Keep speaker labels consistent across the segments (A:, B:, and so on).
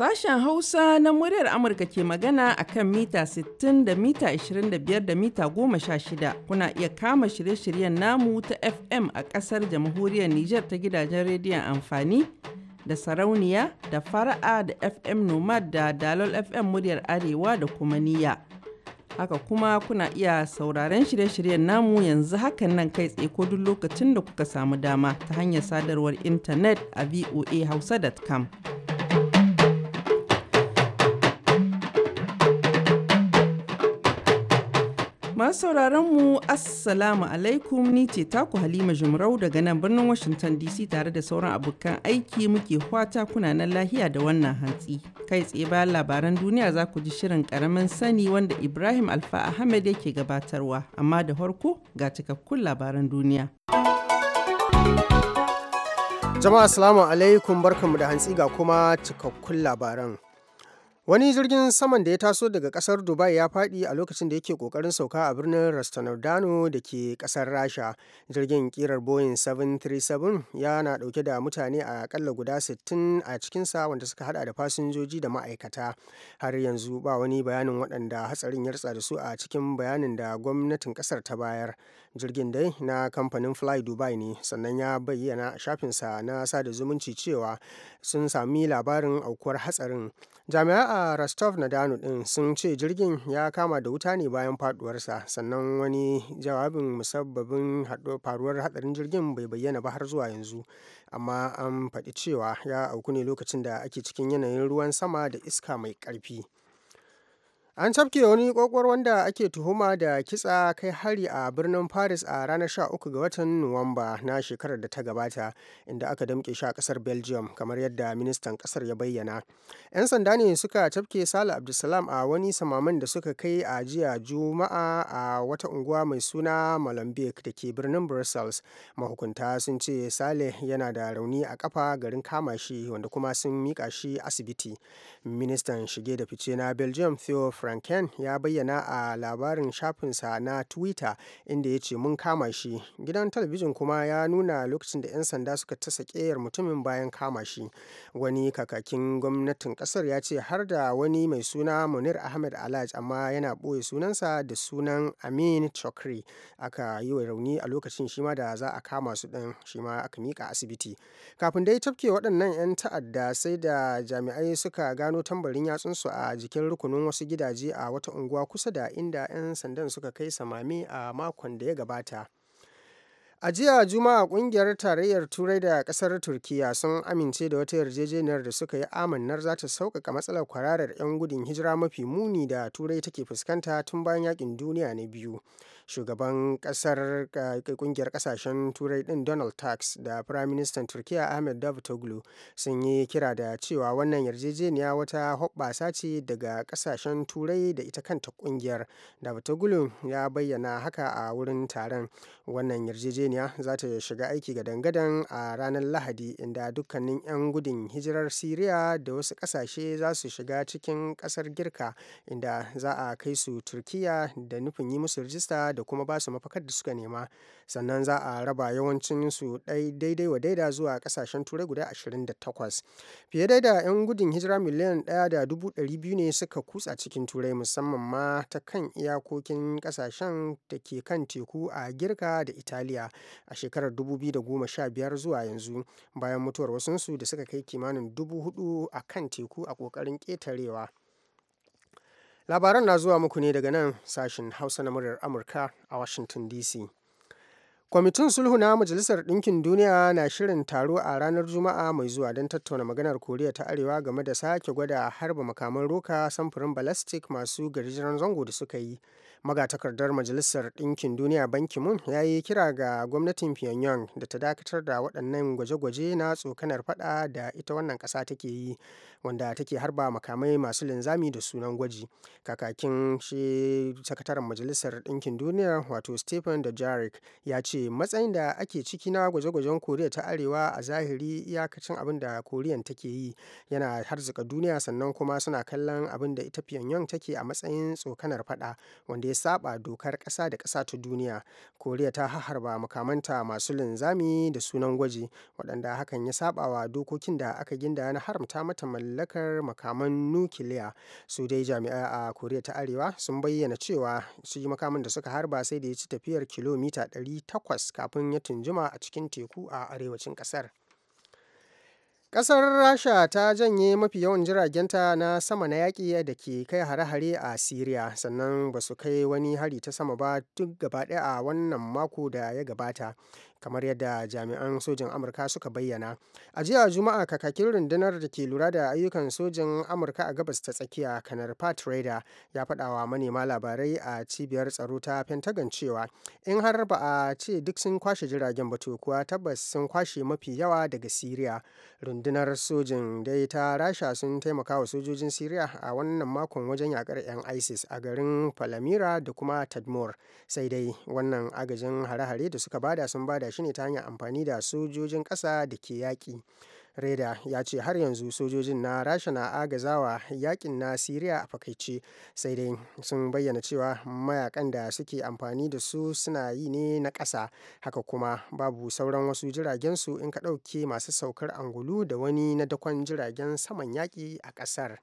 A: Sashen Hausa na muryar Amurka ke magana a kan mita 60 da mita 25 da mita 16. Kuna iya kama shirye-shiryen namu ta FM a ƙasar jamhuriyar Nijar ta gidajen rediyon amfani da sarauniya da fara'a da FM Nomad da Dalol FM muryar Arewa da kuma niyya. Haka kuma kuna iya sauraren shirye-shiryen namu yanzu hakan nan kai tsaye ko duk lokacin da kuka samu dama ta hanyar sadarwar intanet a voahausa.com. Masu sauraron mu Assalamu alaikum ni ce taku Halima Jumrau daga nan birnin Washington DC tare da sauran abokan aiki muke fata kuna nan lahiya da wannan hantsi. Kai tsaye bayan labaran duniya za ku ji shirin karamin sani wanda Ibrahim Alfa Ahmed yake gabatarwa amma da farko ga cikakkun labaran
B: duniya. Jama'a Assalamu alaikum barkanmu da hantsi ga kuma cikakkun labaran. Wani jirgin saman da ya taso daga kasar Dubai ya faɗi a lokacin da yake ƙoƙarin sauka a birnin rostov da ke ƙasar Rasha. Jirgin ƙirar Boeing 737 yana ɗauke da mutane a ƙalla guda 60 a cikinsa wanda suka hada da fasinjoji da ma'aikata. Har yanzu ba wani bayanin waɗanda hatsarin ya da su a cikin bayanin da gwamnatin ƙasar ta bayar. Jirgin dai na kamfanin Fly Dubai ne sannan ya bayyana a shafinsa na sada zumunci cewa sun sami labarin aukuwar hatsarin. Jami'a a rostov na danu din sun ce jirgin ya kama da wuta ne bayan faduwarsa sannan wani jawabin musabbabin faruwar hadarin jirgin bai bayyana ba har zuwa yanzu amma an faɗi cewa ya auku ne lokacin da ake cikin yanayin ruwan sama da iska mai ƙarfi. An cafke wani kokowar wanda ake tuhuma da kitsa kai hari a birnin Paris a ranar 13 ga watan Nuwamba na shekarar da ta gabata, inda aka damke shi a ƙasar Belgium, kamar yadda ministan ƙasar ya bayyana. 'Yan sanda ne suka cafke Sale Abdulsalam a wani samamin da suka kai a jiya Juma'a a wata unguwa mai suna Malambek da ke birnin Brussels. Mahukunta sun ce Sale yana da rauni a kafa garin kama shi wanda kuma sun mika shi asibiti. Ministan shige da fice na Belgium Theo Franken ya bayyana a labarin shafinsa na Twitter inda ya ce mun kama shi. Gidan talabijin kuma ya nuna lokacin da 'yan sanda suka ta sakeyar mutumin bayan kama shi. Wani kakakin gwamnatin kasar ya ce har da wani mai suna Munir Ahmed Alhaj amma yana ɓoye sunansa da sunan Amin Chokri aka yi wa rauni a lokacin shima da za a kama su ɗin shima aka miƙa asibiti. Kafin dai tafke waɗannan 'yan ta'adda sai da jami'ai suka gano tambarin yatsunsu a jikin rukunin wasu gidaje waje a wata unguwa kusa da inda 'yan sandan suka kai samame a makon da ya gabata. A jiya Juma'a kungiyar tarayyar Turai da kasar turkiya sun amince da wata yarjejeniyar da suka yi amannar za ta sauƙaƙa matsalar kwararar 'yan gudun hijira mafi muni da Turai take fuskanta tun bayan yakin duniya na biyu. shugaban kasar kungiyar eh, kasashen turai din donald tusk da firaministan turkiya ahmed davutoglu sun yi kira da cewa wannan yarjejeniya wata hoɓɓasa ce daga kasashen turai da ita kanta kungiyar davutoglu ya bayyana haka a wurin taron wannan yarjejeniya za ta shiga aiki ga dangadan a ranar lahadi inda dukkanin 'yan gudun hijirar siriya da wasu kasashe za su shiga cikin kasar girka inda za a kai su turkiya da nufin yi musu rijista da da kuma ba su mafakar da suka nema sannan za a raba yawancin su daidai wa daida zuwa kasashen turai guda 28 fiye da da 'yan gudun hijira miliyan 1.200 ne suka kutsa cikin turai musamman ma ta kan iyakokin kasashen da ke kan teku a girka da italiya a shekarar 2015 zuwa yanzu bayan mutuwar wasunsu da suka kai kimanin dubu hudu a kan teku a kokarin ƙetarewa labaran na zuwa muku ne daga nan sashen hausa na muryar amurka a washington dc kwamitin sulhu na majalisar ɗinkin duniya na shirin taro a ranar juma'a mai zuwa don tattauna maganar koriya ta arewa game da sake gwada harba makaman roka samfurin balastik masu garjiran zango da suka yi magatakardar majalisar ɗinkin duniya banki mun ya yi kira ga gwamnatin pyongyang da ta dakatar da waɗannan gwaje-gwaje na tsokanar fada da ita wannan ƙasa take yi wanda take harba makamai masu linzami da sunan gwaji kakakin shi sakataren majalisar ɗinkin duniya wato stephen dujarric ya ce matsayin da ake ciki na gwaje-gwajen koriya ta arewa a zahiri iyakacin abin da koriyan take yi yana harzuka duniya sannan kuma suna kallon abin da ita pyongyang take a matsayin tsokanar fada wanda ya saba dokar ƙasa da ƙasa ta duniya koriya ta harba makamanta masu linzami da sunan gwaji waɗanda hakan ya saba wa dokokin da aka ginda na haramta mata mallakar makaman nukiliya su dai jami'ai a koriya ta arewa sun bayyana cewa shi makaman da suka harba sai da ya ci tafiyar kilomita 800 kafin ya tunjima a cikin teku a arewacin ƙasar Ƙasar Rasha ta janye mafi yawan jiragenta na sama na yaƙi da ke kai hare-hare a Siriya sannan ba su kai wani hari ta sama ba duk gaba ɗaya a wannan mako da ya gabata. kamar yadda jami'an sojin amurka suka bayyana a jiya juma'a kakakin rundunar da ke lura da ayyukan sojin amurka a gabas ta tsakiya kanar pat Raider ya faɗa manema labarai a cibiyar tsaro ta pentagon cewa in har ba a ce duk sun kwashe jiragen ba to kuwa tabbas sun kwashe mafi yawa daga siriya rundunar sojin dai ta rasha sun taimaka wa sojojin siriya a wannan makon wajen yakar 'yan isis a garin palamira da kuma tadmor sai dai wannan agajin hare-hare da suka bada sun bada shi ne ta hanyar amfani da sojojin ƙasa da ke yaƙi reda ya ce har yanzu sojojin na rasha na agazawa yakin na siriya a fakaice sai dai sun bayyana cewa mayakan da suke amfani da su suna yi ne na ƙasa haka kuma babu sauran wasu jiragen su in ka ɗauke masu saukar angulu da wani na dakon jiragen saman yaƙi a ƙasar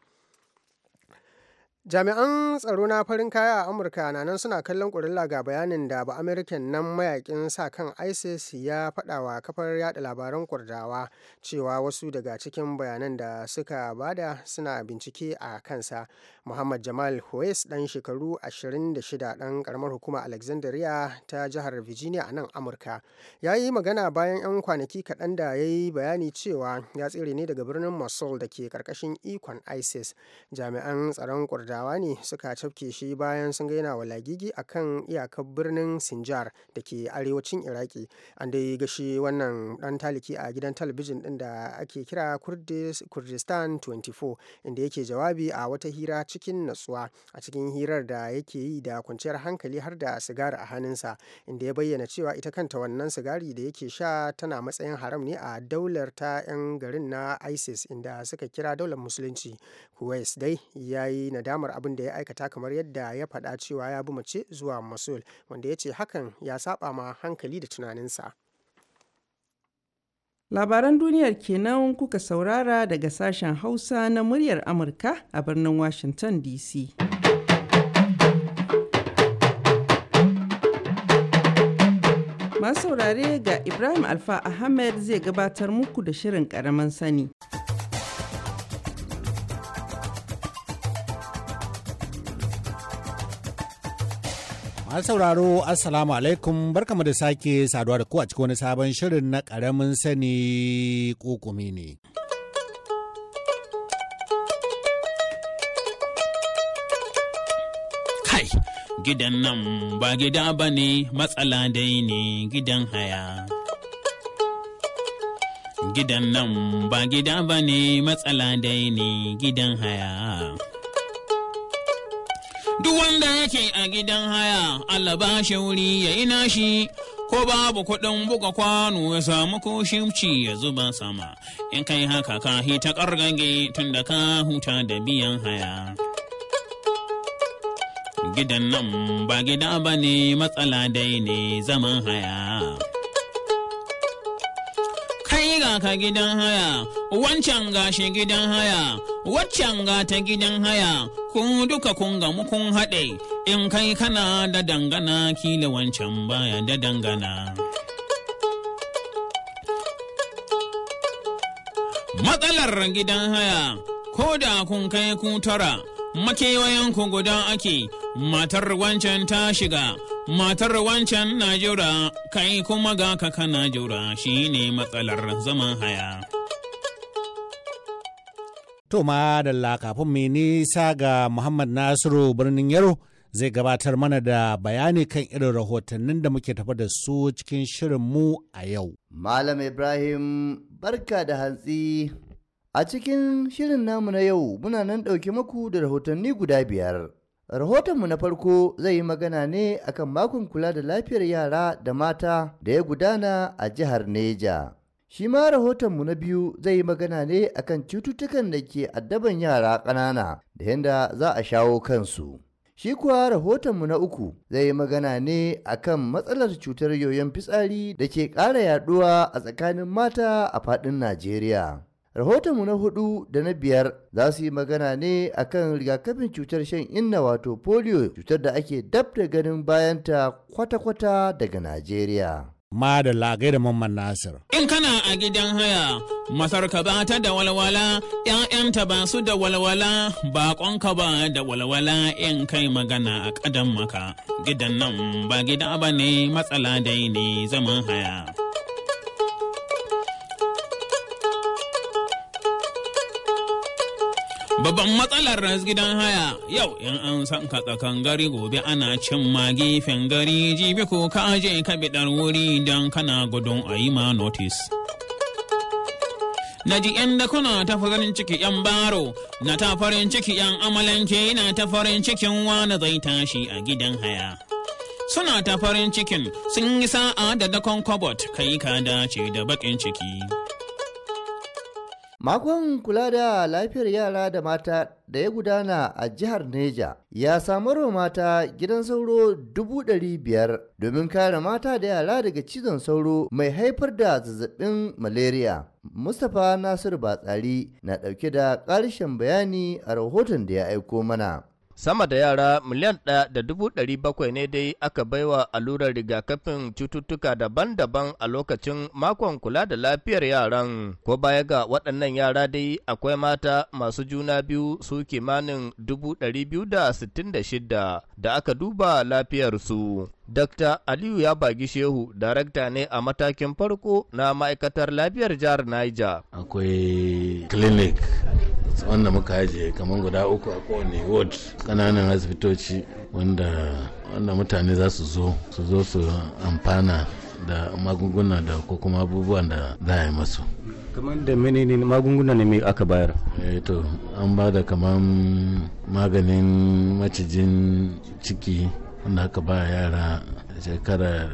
B: Jami'an tsaro na farin kaya a Amurka na nan suna kallon ƙurilla ga bayanin da ba Ba'amurken nan mayakin sa kan ISIS ya faɗawa kafar yada labaran Kurdawa cewa wasu daga cikin bayanan da suka bada suna bincike a kansa. Muhammad Jamal Hoes dan shekaru 26 ɗan karamar hukuma Alexandria ta jihar Virginia a nan Amurka. Ya yi magana bayan 'yan kwanaki kaɗan da ya yi bayani cewa ya tsere ne daga birnin Mosul da ke ƙarƙashin ikon ISIS. Jami'an tsaron Kurdawa Turawa ne suka cafke shi bayan sun gaina wa lagigi a kan iyakar birnin Sinjar da ke arewacin Iraki. An dai gashi wannan ɗan taliki a gidan talabijin ɗin da ake kira Kurdistan 24 inda yake jawabi a wata hira cikin natsuwa a cikin hirar da yake yi da kwanciyar hankali har da sigari a hannunsa inda ya bayyana cewa ita kanta wannan sigari da yake sha tana matsayin haram ne a daular ta 'yan garin na ISIS inda suka kira daular musulunci. Kuwais dai ya yi nadamar tuhumar abin da ya aikata kamar yadda ya faɗa cewa ya bi mace zuwa masul wanda ya ce hakan ya saba ma hankali da tunaninsa.
A: Labaran duniyar kenan kuka saurara daga sashen Hausa na muryar Amurka a birnin Washington DC. Masu saurare ga Ibrahim Alfa Ahmed zai gabatar muku da shirin ƙaramin sani.
C: Masu sauraro Assalamu alaikum barkamu da sake saduwa da ku a cikin wani sabon shirin na ƙaramin sani kokumi ne.
D: Kai, gidan nan ba gida ba ne matsala dai ne gidan haya. Gidan nan ba gida ba ne matsala dai ne gidan haya. Duk wanda yake a gidan haya, Allah ba shi wuri ya yi nashi, ko babu kuɗin buga kwano ya samu ko shimci ya zuba sama, in kai haka ka hita ƙargage tun da ka huta da biyan haya. Gidan nan ba gida ba ne matsala dai ne zaman haya. ka gidan haya, wancan ga gidan haya, waccan ga ta gidan haya, ku duka kun gamu kun haɗe, in kai kana da dangana kila wancan baya da dangana. Matsalar gidan haya, ko da kun kai ku tara. makewayen ku guda ake matar wancan ta shiga matar wancan na jura kai kuma ga ka na jura shine matsalar zaman haya
C: to ma da kafin mai nisa ga muhammad nasiru birnin yaro zai gabatar mana da bayani kan irin rahotannin da muke tafa da su cikin shirin mu
E: a yau. Malam Ibrahim, barka da hantsi A cikin shirin namu na yau muna nan ɗauki maku da rahotanni guda biyar. Rahotonmu na farko zai yi magana ne akan makon kula da lafiyar yara da mata da ya gudana a jihar Neja. Shi ma rahotonmu na biyu zai yi magana ne akan cututtukan da ke addaban yara ƙanana da yadda za a shawo kansu. Shi kuwa rahotonmu na uku zai yi magana ne akan matsalar cutar yoyon fitsari da ke ƙara yaɗuwa a tsakanin mata a faɗin Najeriya. rahotonmu na hudu da na biyar za su yi magana ne akan rigakafin cutar shan inna wato polio cutar da ake dab da ganin bayanta kwata-kwata daga najeriya ma da lagai da mamman nasir
D: in kana a gidan haya masar ba ta da walwala ‘ya'yanta ba su da walwala ka ba da walwala in kai magana a kadan maka gidan nan ba gida ba ne matsala dai ne zaman haya Babban matsalar gidan haya yau in an san ka tsakan gari gobe ana cin ma gefen gari jibi ko ka je ka wuri don kana gudun a yi ma notice. na ji yan dakuna ta farin ciki yan baro na ta farin ciki yan amalanke na ta farin cikin wani zai tashi a gidan haya suna ta farin cikin sun yi sa'a da dakon kobot kai ka dace da bakin ciki.
E: Makon kula da lafiyar yara da mata da ya gudana a jihar Neja ya samar wa mata gidan sauro dubu ɗari biyar domin kare mata da yara daga cizon sauro mai haifar da zazzabin malaria. Mustapha nasiru Batsari na ɗauke da ƙarshen bayani a rahoton da ya aiko mana. Sama da yara miliyan
F: ɗaya da dubu ɗari bakwai ne dai aka baiwa allurar rigakafin cututtuka daban-daban a lokacin makon kula da lafiyar yaran. Ko baya ga waɗannan yara dai akwai mata masu juna biyu su kimanin dubu ɗari biyu da sittin da shida da aka duba lafiyarsu. Dr. Aliyu ya bagi Shehu, darakta ne a matakin farko na ma'aikatar lafiyar jihar Niger.
G: Akwai clinic wanda muka haje kamar guda uku a kowane ward kananan asibitoci wanda wanda mutane za su zo su zo su amfana da magunguna da ko kuma abubuwan da za a yi masu kamar da menene magunguna ne mai aka bayar eh to an ba da kamar maganin macijin ciki wanda aka ba yara shekara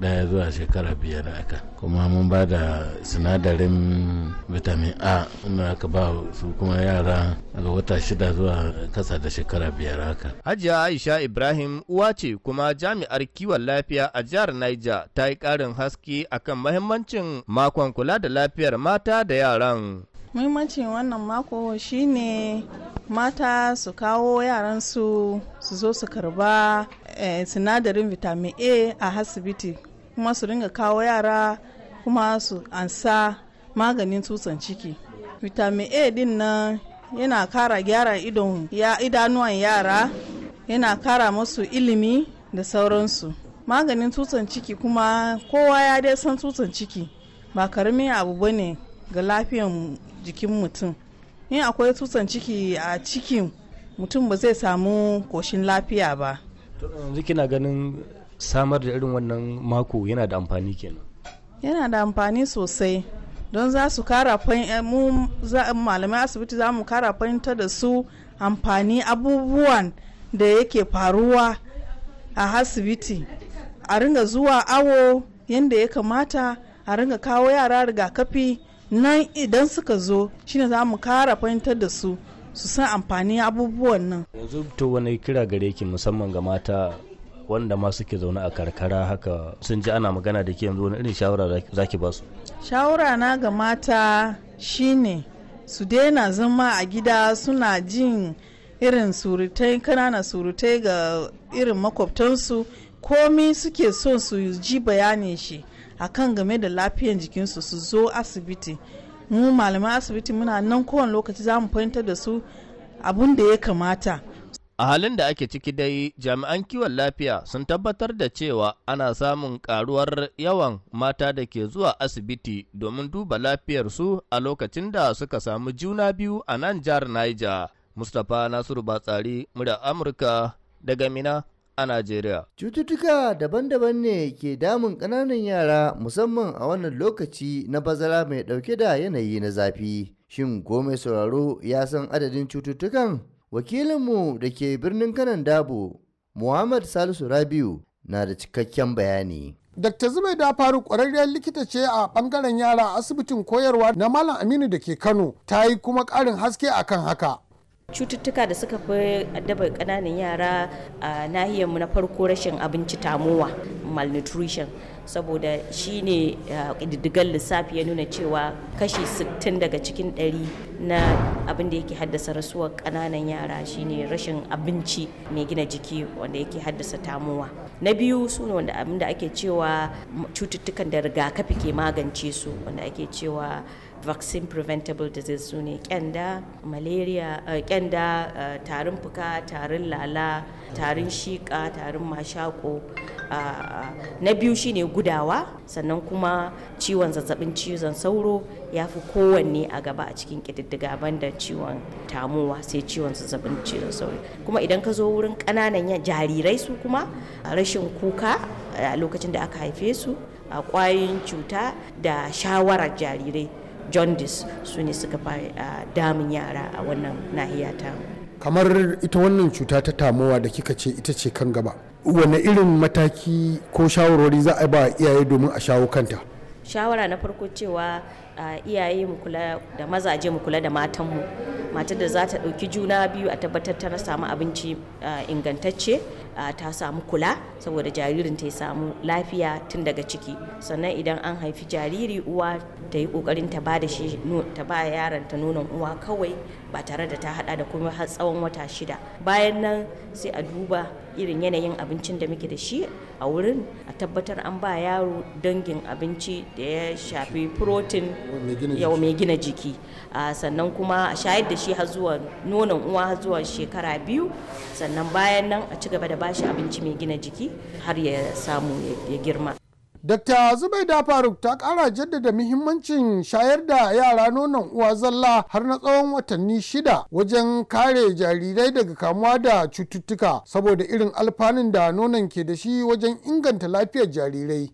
G: daya zuwa shekara biyar aka kuma mun ba da sinadarin vitamin a inda aka ba su kuma yara daga wata shida zuwa kasa da shekara biyar aka. Hajiya Aisha
F: Ibrahim uwa ce kuma jami'ar kiwon lafiya a jihar Niger ta yi ƙarin haske akan mahimmancin makon kula da lafiyar mata da yaran.
H: muhimmancin wannan mako shine mata su kawo yaransu su zo su karba eh, sinadarin vitamin a a hasibiti. kuma su ringa kawo yara kuma su ansa maganin tsutsan ciki vitamin a din nan yana kara gyara idon ya idanuwan yara yana kara masu ilimi da sauransu maganin tsutsan ciki kuma kowa ya dai san tsutsan ciki ba karamin abu bane ga lafiyan jikin mutum in akwai tsutsan ciki a cikin mutum ba zai samu koshin lafiya
F: ba yanzu ganin samar da irin wannan mako yana da amfani kenan
H: yana da amfani sosai don za su kara eh, mu malamai asibiti za mu kara fahimtar da su amfani abubuwan da yake faruwa a asibiti a ringa zuwa awo yadda ya kamata a ringa kawo yara rigakafi nan idan suka zo shine za mu kara fahimtar da su su san amfani abubuwan nan
F: yanzu to wani kira gare ki musamman ga mata wanda ma suke zaune a karkara haka sun ji ana magana da ke yanzu wani irin shawara za ki ba su
H: shawara na ga mata shine su daina zama a gida suna jin irin surutai kanana surutai ga irin makwabtansu komi suke so su ji bayanin shi akan game da lafiyan jikinsu su zo asibiti mu malaman asibiti muna nan kowane lokaci za mu fahimtar da su abun da ya kamata
F: A halin da ake ciki dai jami'an kiwon lafiya sun tabbatar da cewa ana samun karuwar yawan mata da ke zuwa asibiti domin duba lafiyarsu a lokacin da suka samu juna biyu a nan jihar Niger. Mustapha Nasiru Batsari, murya Amurka daga Mina a Najeriya.
E: Cututtuka daban-daban ne ke damun ƙananan yara musamman a wannan lokaci na bazara mai ɗauke da yanayi na zafi. Shin gome sauraro ya san adadin cututtukan? wakilinmu da ke birnin kanan dabo muhammad salisu rabiu na da cikakken bayani Dr. da faru kwararriyar
C: likita ce a bangaren yara a asibitin koyarwa na Malam Aminu da ke Kano ta yi kuma ƙarin haske akan haka.
I: cututtuka da suka fi addaba ƙananan yara a nahiyarmu na farko rashin abinci tamowa malnutrition saboda shi ne uh, ƙididdigar lissafi ya nuna cewa kashi 60 daga cikin 100 na abin da yake haddasa rasuwar ƙananan yara shine rashin abinci mai gina jiki wanda yake haddasa tamuwa na biyu su ne wanda abin da ake cewa cututtukan da rigakafi ke magance su wanda ake cewa vaccine preventable disease su ne kyanda malaria kyanda uh, uh, tarin fuka tarin lala tarin shika tarin mashako na biyu shine gudawa sannan kuma ciwon zazzabin cizon sauro ya fi kowanne a gaba a cikin ƙididdiga banda ciwon tamuwa sai ciwon zazzabin cizon sauro kuma idan ka zo wurin ƙananan jarirai su kuma rashin kuka a lokacin da aka haife su a kwayoyin cuta da shawarar jarirai jaundice su ne suka fi damun yara a wannan nahiya ta
B: kamar ita wannan cuta ta tamuwa da kika ce ita
C: ce kan gaba wane irin mataki ko shawarwari za a ba iyaye domin a shawo kanta
I: shawara na farko cewa iyaye mu kula da mazaje mu kula da matanmu matar da za ta ɗauki juna biyu a tabbatar ta samu abinci ingantacce ta samu kula saboda jaririn ta samu lafiya tun daga ciki sannan idan an haifi jariri uwa ta yi kokarin ta ba da shi ta ba yaron ta nonon uwa kawai ba tare da ta hada da kuma har tsawon wata shida bayan nan sai a duba irin yanayin abincin da muke da shi a wurin a tabbatar an ba yaro dangin abinci da ya shafi protein yau mai gina jiki sannan kuma a shayar da shi har zuwa nonon uwa har zuwa shekara biyu sannan bayan nan a ci gaba da ba shi abinci mai gina jiki har ya samu ya girma
C: Zubaida Faruk ta kara jaddada muhimmancin shayar da yara nonon uwa zalla har na tsawon watanni shida wajen kare jarirai daga kamuwa da cututtuka saboda irin alfanun da nonon ke da shi wajen inganta lafiyar jarirai.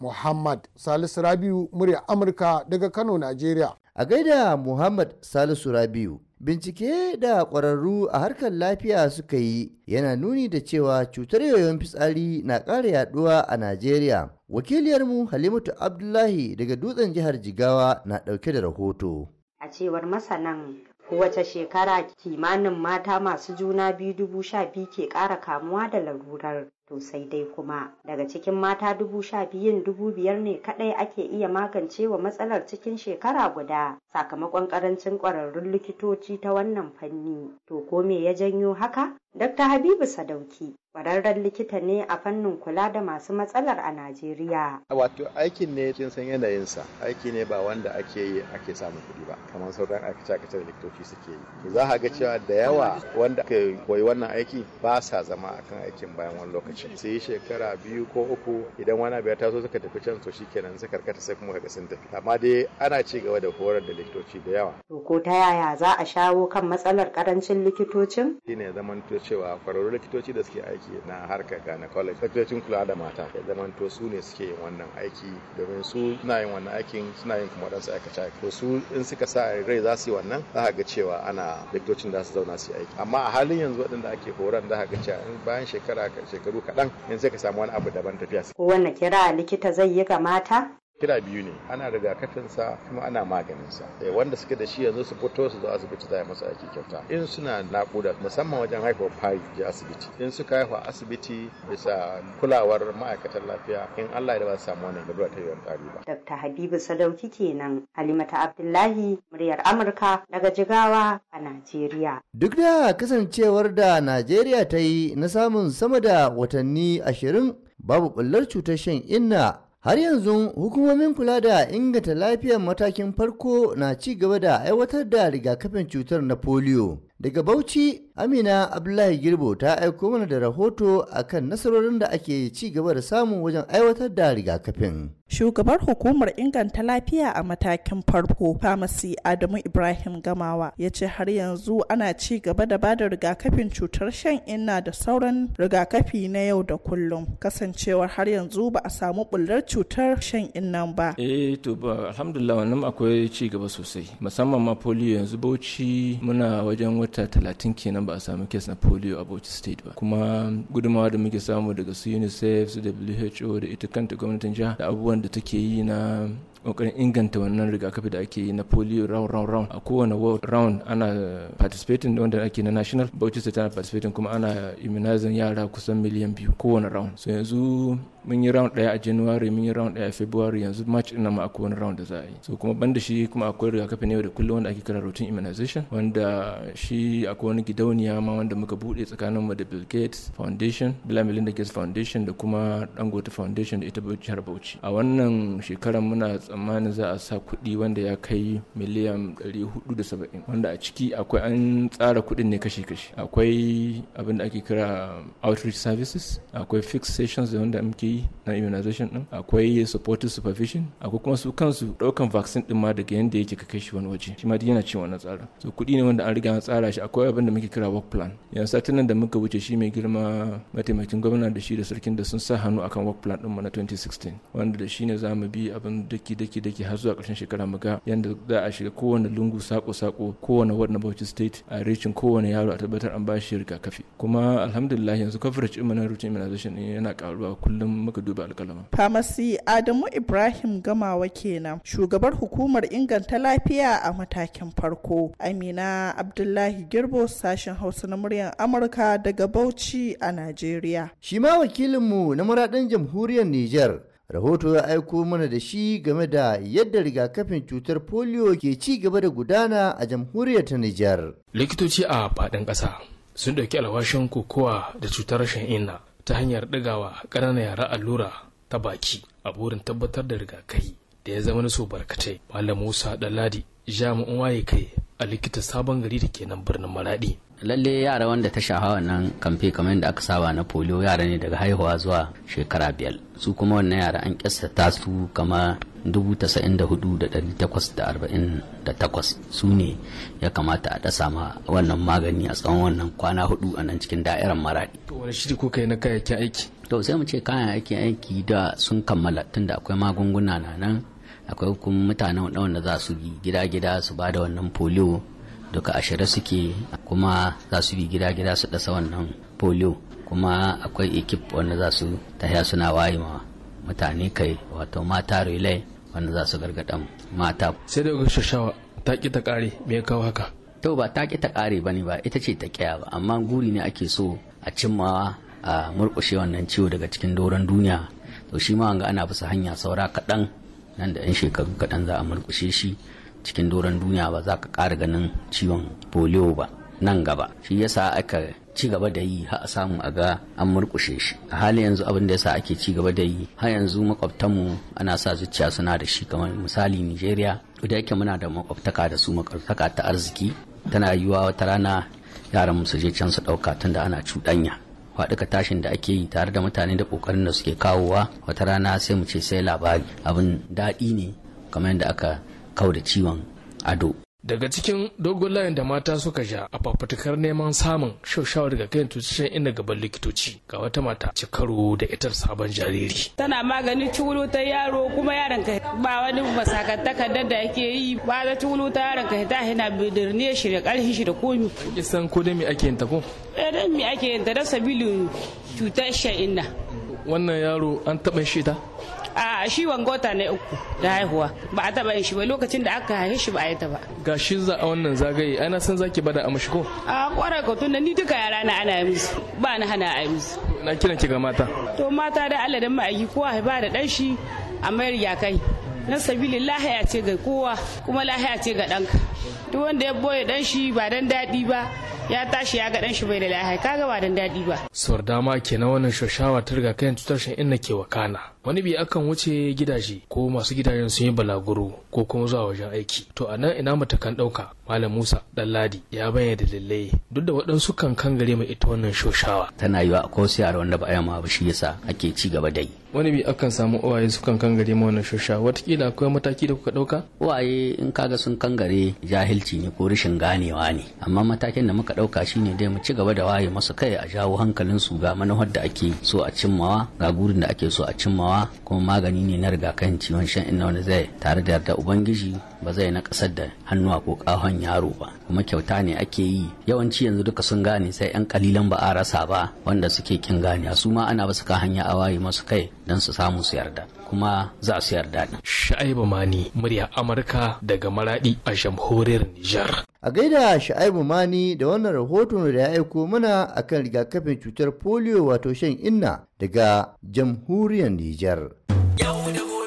C: Muhammad
E: Salisu Rabiu murya Amurka daga Kano, Najeriya. A gaida Muhammad Salisu Rabiu. Bincike da ƙwararru a harkar lafiya suka yi yana nuni da cewa cutar yoyon fitsari na ƙara yaduwa a Najeriya. Wakiliyarmu Halimatu Abdullahi daga dutsen jihar Jigawa na ɗauke da rahoto.
J: A cewar masanan wace shekara kimanin mata masu juna biyu dubu sha biyu ke ƙara kamuwa da larurar To sai dai kuma daga cikin mata dubu sha biyun dubu biyar ne kaɗai ake iya magance wa matsalar cikin shekara guda sakamakon ƙarancin kwararrun likitoci ta wannan fanni. To ko me ya janyo haka? Dr. Habibu Sadauki ƙwararren likita ne a fannin kula da masu matsalar a Najeriya.
G: Wato aikin ne cin san yanayinsa, aiki ne ba wanda ake yi ake samun kuɗi ba, kamar sauran aikace-aikace da likitoci suke yi. Za ka ga cewa da yawa wanda ke koyi wannan aiki ba sa zama akan aikin bayan wani lokaci. can sai yi shekara biyu ko uku idan wani abu ya taso suka tafi can to shikenan suka karkata sai kuma kaga sun tafi amma dai ana ci gaba da horar da likitoci da yawa
J: to ko ta yaya za a shawo kan matsalar karancin likitocin
G: shine to cewa kwararru likitoci da suke aiki na harkar gynecology likitocin kula da mata ya to su ne suke yin wannan aiki domin su suna yin wannan aikin suna yin kuma wadansu aikace aikace su in suka sa rai za su yi wannan za ga cewa ana likitocin za su zauna su yi aiki amma a halin yanzu waɗanda ake horon za ga cewa in bayan shekara shekaru kaɗan yanzu ka samu wani abu daban tafiya.
J: Ko wanne kira likita zai yi ga mata?
G: kira biyu ne ana rigakafinsa kuma ana maganinsa eh, wanda suke da shi yanzu su fito su zo asibiti za a masa aiki kyauta in suna nakuda musamman wajen haihuwar fari je asibiti in suka haihu asibiti bisa kulawar ma'aikatan lafiya in Allah ya ba su samu wannan lalura ta yawan kari
J: ba. Dr. Habibu Sadauki kenan Halimata Abdullahi muryar Amurka daga Jigawa a Najeriya.
E: Duk da kasancewar da Najeriya ta yi na samun sama da watanni ashirin babu ɓullar cutar shan inna Har yanzu hukumomin kula da inganta lafiyar matakin farko na ci gaba da aiwatar da rigakafin cutar na polio. Daga Bauchi, Amina Abdullahi Girbo ta aiko mana da rahoto a kan nasarorin da ake ci gaba da samu wajen aiwatar da rigakafin. Shugabar hukumar inganta lafiya a matakin farko, Famasi Adamu Ibrahim Gamawa,
H: ya ce har yanzu ana ci gaba da bada rigakafin cutar shan inna da sauran rigakafi na yau da kullum. Kasancewar har yanzu ba a samu bullar cutar shan innan ba.
K: Eh to ba alhamdulillah wannan akwai ci gaba sosai. Musamman ma polio yanzu Bauchi muna wajen wata talatin kenan ba a samu kes na polio a Bauchi state ba kuma gudumawa da muke samu daga su UNICEF su WHO da ita kanta gwamnatin jiha da abubuwan da take yi na kokarin inganta wannan rigakafi da ake yi na polio round round round a kowane round ana participating da wanda ake na national bauchi state ana participating kuma ana immunizing yara kusan miliyan biyu kowane round so yanzu mun yi round daya a january mun yi round daya a february yanzu march ina ma akwai wani round da za a yi so kuma banda shi kuma akwai rigakafi ne da kullum wanda ake kira routine immunization wanda shi akwai wani gidauniya ma wanda muka bude tsakanin mu da bill gates foundation bill melinda gates foundation da kuma dangote foundation da ita Bauchi har bauchi a wannan shekarar muna tsammanin za a sa kuɗi wanda ya kai miliyan 470 wanda a ciki akwai an tsara kuɗin ne kashi-kashi akwai abin da ake kira um, outreach services akwai fixed sessions da wanda muke yi na immunization din akwai supportive supervision akwai kuma su kansu ɗaukan vaccine din ma daga yanda yake ka kai shi wani waje shi ma yana cin wannan tsara so kuɗi ne wanda an riga an tsara shi akwai abin da muke kira work plan yanzu satinan da muka wuce shi mai girma mataimakin gwamna da shi da sarkin da sun sa hannu akan work plan din mu na 2016 wanda da shi ne za mu bi abin daki daki daki har zuwa ƙarshen shekara mu ga yanda za a shiga kowane lungu sako sako kowane ward na Bauchi state a reaching kowane yaro a tabbatar an bashi rigakafi kuma alhamdulillah yanzu coverage din na routine immunization yana karuwa kullum muka duba alƙalama
H: Pharmacy Adamu Ibrahim Gamawa kenan shugabar hukumar inganta lafiya a matakin farko Amina Abdullahi Girbo sashen Hausa na muryar Amurka daga Bauchi a Najeriya.
E: Shi ma wakilinmu na muradin jamhuriyar Nijar rahoto ya aiko mana da shi game da yadda rigakafin cutar polio ke ci gaba da gudana a jamhuriyar ta Nijar.
L: Likitoci a fadin ƙasa sun ɗauki alwashin kokowa da cutar rashin inna ta hanyar ɗagawa ƙananan yara allura ta baki a burin tabbatar da rigakafi da ya zama na so barkatai. Malam Musa Daladi jami'in waye kai a likita sabon gari da ke nan birnin Maradi.
M: lalle yara wanda ta shafa wannan kamfe kamar yadda aka saba na polio yara ne daga haihuwa zuwa shekara biyar su kuma wannan yara an kyasta su kama 94,848 su ne ya kamata a dasa ma wannan magani a tsawon wannan kwana hudu a nan cikin da'irar maradi. To wani shiri ko kai na kayayyakin aiki? To sai mu ce kayan aiki aiki da sun kammala tunda akwai magunguna na nan akwai kuma mutanen wanda za su gida-gida su ba da wannan polio duka ashirin suke kuma za su bi gida-gida su dasa wannan polio kuma akwai ekip wanda za su tahiya suna waye ma mutane kai wato mata relay wanda za su gargaɗa mata sai da shashawa ta ki ta kare me ya kawo haka to ba ta ki ta kare bane ba ita ce ta kiya ba amma guri ne ake so a cimma a murƙushe wannan ciwo daga cikin doron duniya to shi ma wanga ana bisa hanya saura kaɗan nan da 'yan shekaru kaɗan za a murkushe shi cikin doron duniya ba za ka ƙara ganin ciwon polio ba nan gaba shi yasa aka ci gaba da yi har a samu a ga an murkushe shi a halin yanzu abin da yasa ake ci gaba da yi har yanzu makwabtanmu ana sa zuciya suna da shi kamar misali Nigeria da yake muna da makwabtaka da su makwabtaka ta arziki tana yiwuwa wata rana yaran mu su je can su ɗauka tunda ana cuɗanya faɗuka tashin da ake yi tare da mutane da ƙoƙarin da suke kawowa wata rana sai mu ce sai labari abin daɗi ne kamar yadda aka kau da ciwon ado
L: daga cikin dogon layin da mata suka sha a fafutukar neman samun shaushawar daga kan tushen inda gaban likitoci ga wata mata ci karo da itar sabon jariri
I: tana maganin culu ta yaro kuma yaron ka ba wani masakan takardar da yake yi ba za culu ta yaron ka ta hina bidirni ya shirya karfi shi da komi kisan ko da me ake yin ta ko eh da me ake yin ta da sabilin cutar sha'inna
L: wannan yaro an taɓa shi ta
I: a shi wangota na uku da haihuwa ba a taba yin shi ba lokacin da aka haihu shi ba a yi ta ba
L: ga shi za a wannan zagaye ana san zaki bada a mashi ko
I: a kwarai ko tunda ni duka yara na ana yi musu ba na hana a yi musu
L: na kiran ki ga mata
I: to mata da Allah dan ma'aiki kowa ba da dan shi a mayar ya kai na sabili lahaya ce ga kowa kuma lahaya ce ga ɗanka duk wanda ya boye dan shi ba dan daɗi ba ya tashi ya ga dan shi bai da lahaya kaga ba dan dadi ba
L: sordama ke kenan wannan shoshawa ta riga kayan tutashin inna ke wakana wani bi akan wuce gidaje ko masu gidajen sun yi balaguro ko kuma zuwa wajen aiki to a nan ina matakan ɗauka malam musa ɗanladi
M: ya bayar da dalilai duk da waɗansu kan kan gare mai ita wannan shoshawa tana yiwa ko sai a wanda ba a yamma ba shi yasa ake ci gaba da
L: wani bi akan samu uwaye su kan kangare ma wannan shoshawa watakila akwai mataki da kuka ɗauka
M: uwaye in kaga sun kan gare jahilci ne ko rashin ganewa ne amma matakin da muka ɗauka shine dai mu ci gaba da waye masu kai a jawo hankalin su ga manufar da ake so a cimmawa ga gurin da ake so a cimmawa kuma magani ne na rigakafin ciwon shan inna wanda zai tare da yarda ubangiji ba zai na ƙasar da hannuwa ko ƙahon yaro ba kuma kyauta ne ake yi yawanci yanzu duka sun gane sai yan kalilan ba a rasa ba wanda suke kin gane su ma ana basu ka hanya a waye masu kai don su samu su yarda kuma za su yarda da. Sha'ibu Mani murya Amurka daga Maradi a jamhuriyar Nijar
E: a gaida Sha'ibu Mani da wannan rahoton da ya aiko mana akan rigakafin cutar polio wato shan inna daga jamhuriyar Nijar yau da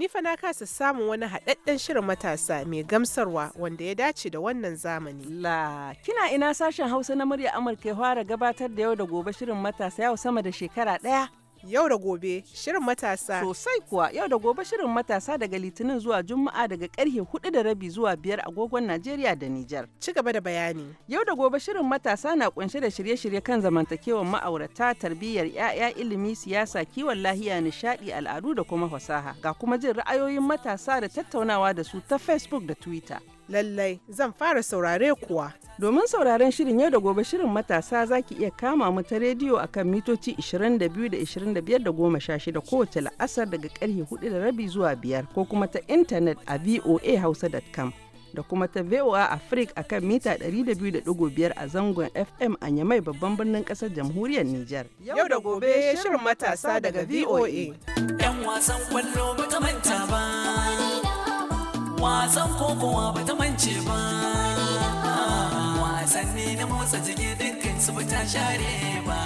A: Ni fa na kasa samun wani haɗaɗɗen shirin matasa mai gamsarwa wanda ya dace da wannan zamani. La, kina ina sashen Hausa na murya Amurka ya fara gabatar da yau da gobe shirin matasa yau sama da shekara ɗaya. Yau da gobe shirin matasa. Sosai kuwa yau da gobe shirin matasa daga litinin zuwa juma'a daga karhe hudu da rabi zuwa biyar agogon Najeriya da Nijar. Ci gaba da bayani. Yau da gobe shirin matasa na kunshe da shirye-shirye kan zamantakewan ma'aurata, tarbiyyar 'ya'ya, ilimi, siyasa, kiwon lahiya, nishadi, al'adu da kuma fasaha. Ga kuma jin ra'ayoyin matasa da tattaunawa da su ta Facebook da Twitter. Lallai zan fara saurare kuwa. Domin sauraren shirin yau da gobe shirin matasa za ki iya kama mu ta rediyo akan mitoci 22 da 25 16 kowace la'asar daga karhe 4 da rabi zuwa biyar ko kuma ta intanet a voahausa.com. da kuma ta VOA Africa a kan mita 200.5 a zangon FM a Yamai babban birnin kasar jamhuriyar Nijar. Yau da gobe shirin matasa daga VOA. 'Yan wasan kwallo ba ba. wasan kokowa ba ta mance ba wasanni na motsa jiki dukkan su ba ta share ba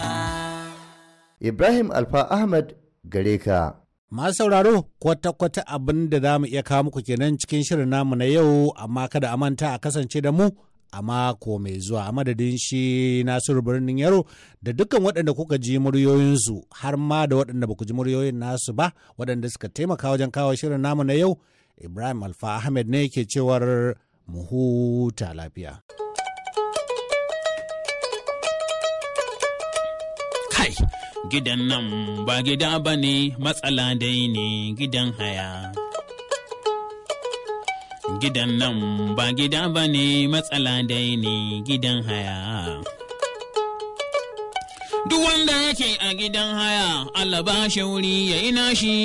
E: ibrahim alfa ahmad gare ka
C: masu sauraro kwata-kwata abin da za mu iya kawo muku kenan cikin shirin namu na yau amma kada a manta a kasance da mu a mako mai zuwa a madadin shi nasiru birnin yaro da dukkan waɗanda kuka ji muryoyinsu har ma da waɗanda ba ku ji muryoyin nasu ba waɗanda suka taimaka wajen kawo shirin namu na yau Ibrahim Alfa Ahmed ne ke cewar mu huta lafiya.
D: Kai, gidan nan ba gida ba ne matsala dai ne gidan haya. Gidan nan ba gida ba ne matsala dai ne gidan haya. Duk wanda yake a gidan haya, Allah ba shi wuri ya yi nashi.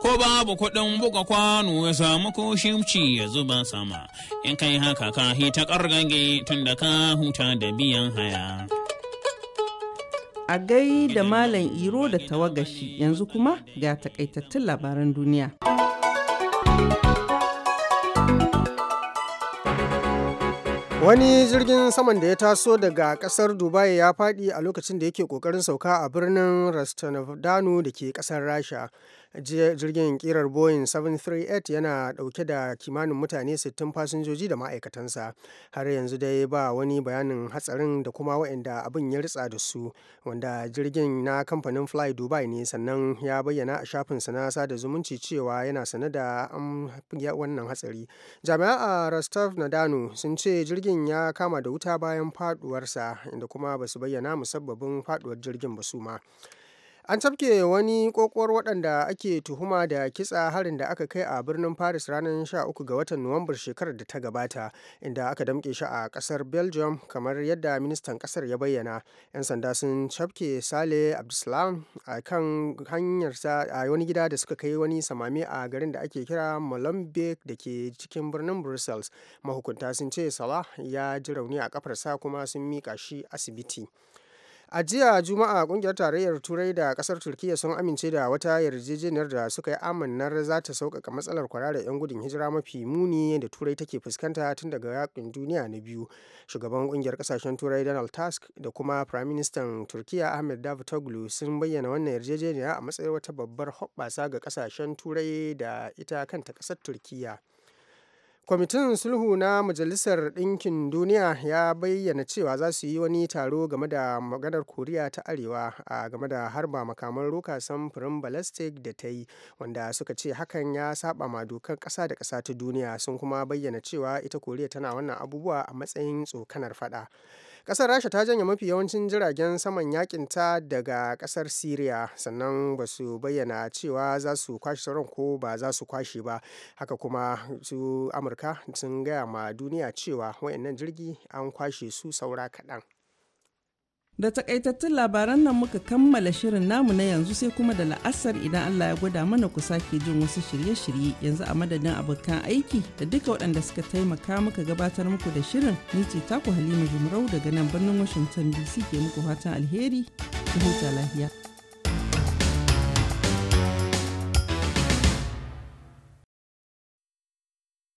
D: ko babu kuɗin buga kwano ya samu ko shimci ya zuba sama in kai haka ka hita ƙargage tun da ka huta da biyan haya.
A: A gai da Malam Iro da tawagashi yanzu kuma ga takaitattun labaran duniya.
B: Wani jirgin saman da ya taso daga kasar Dubai ya faɗi a lokacin da yake ƙoƙarin sauka a birnin Rastanodano da ke ƙasar Rasha. jirgin kirar boeing 738 yana dauke da kimanin mutane 60 fasinjoji da ma'aikatansa har yanzu dai ba wani bayanin hatsarin da kuma waɗanda abin ya ritsa da su wanda jirgin na kamfanin fly dubai ne sannan ya bayyana a shafinsa na sada zumunci cewa yana sane da an wannan hatsari jami'a a rostov nadanu sun ce jirgin ya kama da wuta bayan faduwarsa inda kuma ba su bayyana musabbabin faduwar jirgin ba su ma An cafke wani kokowar waɗanda ake tuhuma da kitsa harin da aka kai a birnin Paris ranar 13 ga watan Nuwambar shekarar da ta gabata, inda aka damke shi a ƙasar Belgium kamar yadda ministan ƙasar ya bayyana. 'Yan sanda sun cafke Sale abdulsalam a kan hanyarsa a wani gida da suka kai wani samami a garin da ake kira Molenbeek da ke cikin birnin Brussels. Mahukunta sun ce Salah ya ji rauni a kafarsa kuma sun miƙa shi asibiti. A jiya Juma'a kungiyar tarayyar Turai da kasar Turkiyya sun amince da wata yarjejeniyar da suka yi amannar za ta sauƙaƙa matsalar kwararar 'yan gudun hijira mafi muni da Turai take fuskanta tun daga yaƙin duniya na biyu. Shugaban kungiyar kasashen Turai Donald Tusk da kuma Prime Minister Turkiyya Ahmed Davutoglu sun bayyana wannan yarjejeniya a matsayin wata babbar hoɓɓasa ga kasashen Turai da ita kanta ƙasar Turkiyya. kwamitin sulhu na majalisar ɗinkin duniya ya bayyana cewa za su yi wani taro game da maganar koriya ta arewa a game da harba makaman roka samfurin balastik da ta yi wanda suka ce hakan ya saba ma dokar ƙasa da ƙasa ta duniya sun kuma bayyana cewa ita koriya tana wannan abubuwa a matsayin tsokanar fada kasar Rasha ta janye mafi yawancin jiragen saman ta daga kasar syria sannan ba su bayyana cewa za su kwashe sauran ko ba za su kwashe ba. Haka kuma su Amurka sun gaya ma duniya cewa wayannan jirgi an kwashe su saura kaɗan.
A: Da takaitattun labaran nan muka kammala shirin namu na yanzu sai kuma da la'asar idan Allah ya gwada mana ku sake jin wasu shirye-shirye yanzu a madadin abokan aiki da duka waɗanda suka taimaka muka gabatar muku da shirin ni ce taku Halima Jumrau daga nan birnin Washington DC ke muku fatan alheri ku huta lafiya.